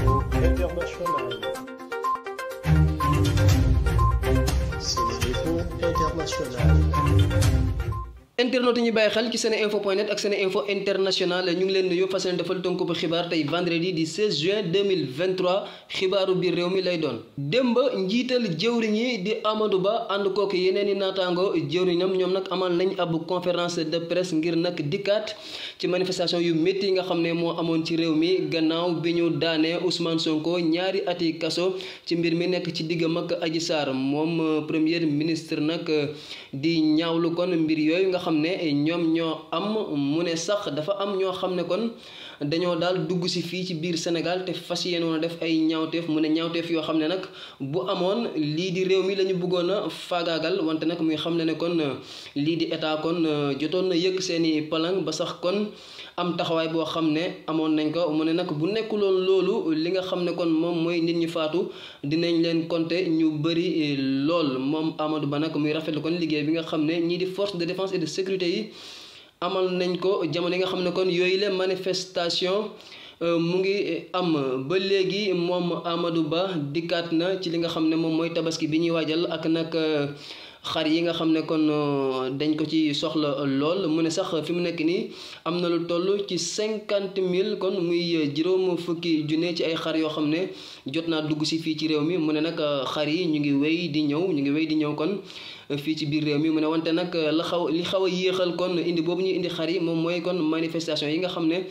international. C'est les international. internet ñu bàyyi xel ci sene info point net ak sene info international ñu ngi leen nuyu fas yéene defal tënk bu xibaar tey vendredi di juin xibaaru biir réew mi lay doon démb njiital jëwriñ yi di Amadou Ba ànd kook yeneen i naataango jëwriñam ñoom nag amal nañ ab conférence de presse ngir nag dikkaat ci manifestation yu métti yi nga xam ne moo amoon ci réew mi gannaaw bi ñu daanee Ousmane Sonko ñaari ati kaso ci mbir mi nekk ci diggam ak aji Sarr moom euh, premier ministre nag euh, di xam ne ñoom ñoo am mu ne sax dafa am ñoo xam ne kon dañoo daal dugg si fii ci biir Sénégal te fas yéenoon a def ay ñaawteef mu ne ñaawteef yoo xam ne nag bu amoon lii di réew mi la ñu bëggoon a faagaagal wante nag muy xam ne ne kon euh, lii di état kon euh, jotoon na yëkk seeni palang ba sax kon am taxawaay boo xam ne amoon nañ ko mu ne nag bu nekkuloon loolu li nga xam ne kon moom mooy nit ñi faatu dinañ leen compter ñu bëri euh, lool moom Amadou Ba nag muy rafetlu kon liggéey bi nga xam ne ñii di force de défense de sécurité yi amal nañ ko jamono yi nga xam ne kon yooyu la manifestation euh, mu ngi am ba léegi moom Amadou Ba dikkaat na ci li nga xam ne moom mooy tabaski bi ñuy waajal ak nag. Euh, xar yi nga xam ne kon euh, dañ ko ci soxla lool mu ne sax fi mu nekk nii am na lu toll ci cinquante mille kon muy euh, juróom fukki junne ci ay xar yoo xam ne jot naa dugg si fii ci réew mi mu ne nag euh, xar yi ñu ngi wéy di ñëw ñu ngi wéy di ñëw kon fii ci biir réew mi mu ne wante nag la xaw li xaw a yéexal kon indi boobu ñuy indi xar yi moom mooy kon manifestation yi nga xam ne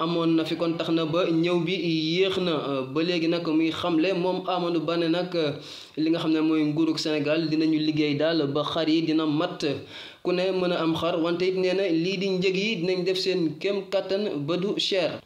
amoon na fi kon tax na ba ñëw bi yéex na euh, ba léegi nag muy xamle moom Amadou Ba ne nag euh, li nga xam ne mooy nguurug Sénégal dinañu liggéey daal ba xar yi dina mat ku ne mën a am xar wante it nee lii di njëg yi dinañ def seen kem kàttan ba du cher.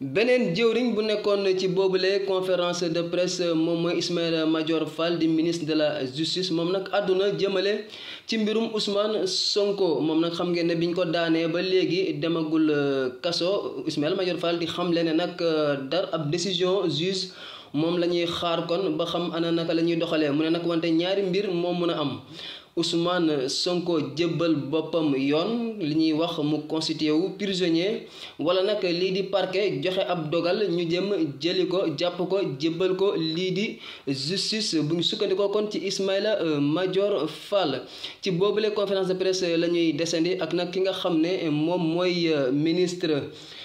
beneen jëwriñ bu nekkoon ci boobule conférence de presse moom mooy Ismaïla major Fall di ministre de la justice moom nag àdduna jëmale ci mbirum Ousmane Sonko moom nag xam ngeen ne biñ ko daanee ba léegi demagul euh, kaso Ismaïla major Fall di xamle ne nag euh, dar ab décision juge moom la ñuy xaar kon ba xam ana naka la ñuy doxalee mu ne nag wante ñaari mbir moom mën a am. Ousmane Sonko jébbal boppam yoon li ñuy wax mu constitué wu prisonnier wala nag lii di parquet joxe ab dogal ñu jëm jëli ko jàpp ko jébbal ko lii di justice bu ñu sukkandikoo kon ci Ismaïla euh, Madior Fall ci boobule conférence de presse la ñuy descendi ak nag ki nga xam ne moom mooy euh, ministre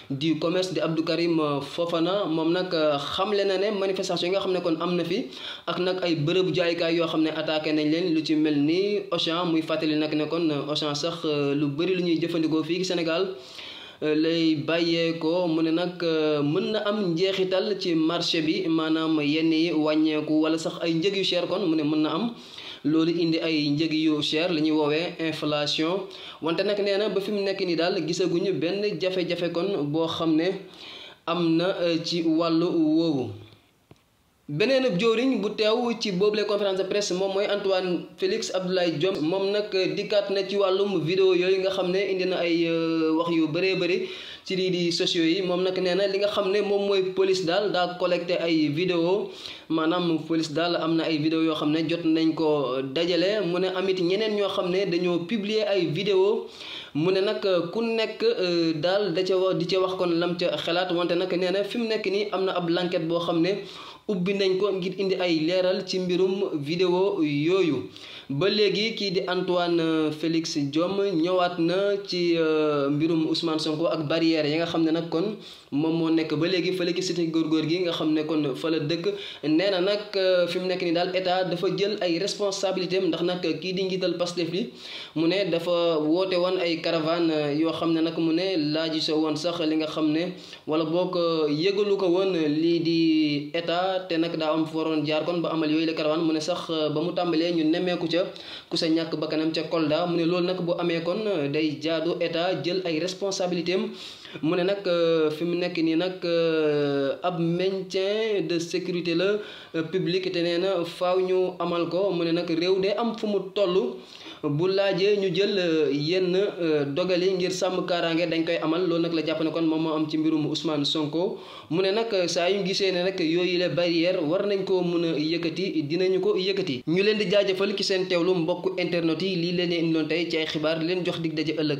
du commerce di Abdou Karim euh, na moom nag xamle na ne manifestation yi nga xam ne kon am na fi ak nag ay bërëbu jaaykaay yoo xam ne attaqué nañ leen lu ci mel Auchan muy fàttali nag ne kon euh, Auchan sax euh, lu bëri lu ñuy jëfandikoo fii Sénégal euh, lay bàyyeekoo mu ne nag mën na am njeexital ci marché bi maanaam yenn yi wàññeeku wala sax ay njëg yu cher kon mu ne mën na am loolu indi ay njëg yu cher li ñuy woowee inflation wante nag nee na ba fi mu nekk nii daal gisaguñu benn jafe-jafe kon boo xam ne am na ci wàll woowu. beneen ab jëwriñ bu teew ci boobule conférence de presse moom mooy Antoine Félix Abdoulaye Diome moom nag dikkaat na ci wàllum vidéo yooyu nga xam ne indi na ay euh, wax yu bëree bëri ci lii di sociaux yi moom nag nee na li nga xam ne moom mooy police daal daa collecté ay video maanaam police daal am na ay vidéo yoo xam ne jot nañ ko dajale mu ne amit ñeneen ñoo xam ne dañoo publier ay vidéo mu ne nag euh, ku nekk euh, daal da ca wax di ca wax kon lam ca xalaat wante nag nee na fi mu nekk nii am na ab enquête boo xam ne ubbi nañ ko ngir indi ay leeral ci mbirum vidéo yooyu ba léegi kii di Antoine euh, Félix Diome ñëwaat na ci euh, mbirum Ousmane Sonko ak barrière yi nga xam ne nag kon moom moo nekk ba léegi fële ci góor góor gi nga xam ne kon fa la dëkk nee na nag euh, fi mu nekk ni daal état dafa jël ay responsabilité ndax nag kii di njiital Pastef li mu ne dafa woote woon ay caravane yoo xam ne nag mu ne laaji so woon sax li nga xam ne wala boo ko yëgalu ko woon lii di état te nag daa am foroon jaar kon ba amal yooyu la caravane mu ne sax ba mu tàmbalee ñu nemmeeku ca ku sa ñàkk bakkanam ca Kolda mu ne loolu nag boo amee kon euh, day jaadu état jël ay responsabilité mu ne nag euh, fi mu nekk nii nag euh, ab maintien de sécurité la publique te nee na faaw ñu amal ko mu ne nag réew day am fu mu toll bu laajee ñu jël euh, yenn euh, dogal yi ngir sàmm kaaraange dañ koy amal loolu nag la jàpp ne kon moom moo am ci mbirum Ousmane Sonko mu ne nag euh, saa yu gisee ne nag yooyu la barrière war nañ ko mën a yëkkati dinañu ko yëkkati ñu leen di jaajëfal ci seen teewlu mbokk internet yi lii leen indiloon tey ci ay xibaar leen jox dig daje ëllëg.